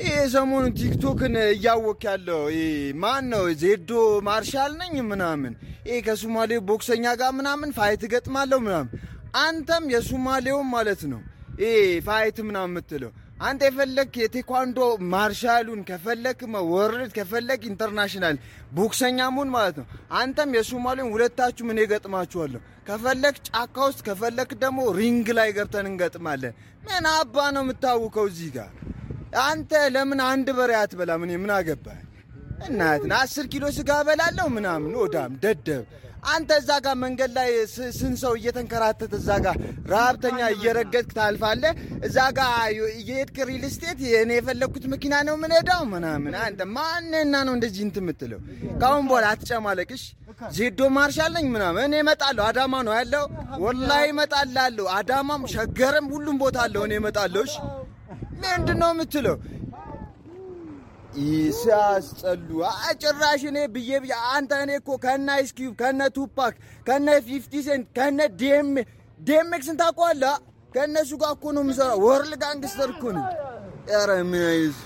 ይህ ሰሞኑ ቲክቶክን እያወቅ ያለው ማን ነው? ዜዶ ማርሻል ነኝ ምናምን ይህ ቦክሰኛ ጋር ምናምን ፋይት እገጥማለሁ ምናምን። አንተም የሶማሌውን ማለት ነው ይህ ፋይት ምናምን የምትለው አንተ የፈለክ የቴኳንዶ ማርሻሉን ከፈለክ ወርልድ ከፈለክ ኢንተርናሽናል ቦክሰኛ ማለት ነው። አንተም የሶማሌውን ሁለታችሁ ምን ገጥማችኋለሁ። ከፈለክ ጫካ ውስጥ ከፈለክ ደግሞ ሪንግ ላይ ገብተን እንገጥማለን። ምን አባ ነው የምታውቀው እዚህ ጋር አንተ ለምን አንድ በሬ አትበላም? እኔ ምን አገባህ? እናትን አስር ኪሎ ስጋ እበላለሁ ምናምን ወዳም ደደብ አንተ እዛ ጋር መንገድ ላይ ስንት ሰው እየተንከራተተ እዛ ጋር ረሀብተኛ እየረገጥክ ታልፋለህ። እዛ ጋር እየሄድክ ሪል ስቴት እኔ የፈለግኩት መኪና ነው ምንሄዳው ምናምን። አንተ ማንና ነው እንደዚህ እንትን የምትለው? ካሁን በኋላ አትጨማለቅሽ። ዜዶ ማርሻል ነኝ ምናምን እኔ እመጣለሁ። አዳማ ነው ያለው። ወላሂ እመጣላለሁ። አዳማም ሸገርም ሁሉም ቦታ አለው። እኔ እመጣለሁ። እሺ ምንድን ነው የምትለው? ሲያስጠሉ ጭራሽ እኔ ብዬ ብዬ አንተ እኔ እኮ ከነ አይስኪዩብ ከነ ቱፓክ ከነ ፊፍቲ ሴንት ከነ ዴምክስን ታውቀዋለህ? ከእነሱ ጋር እኮ ነው የምሰራ። ወርል ጋንግስተር እኮ ነው። ኧረ ምን አይሱ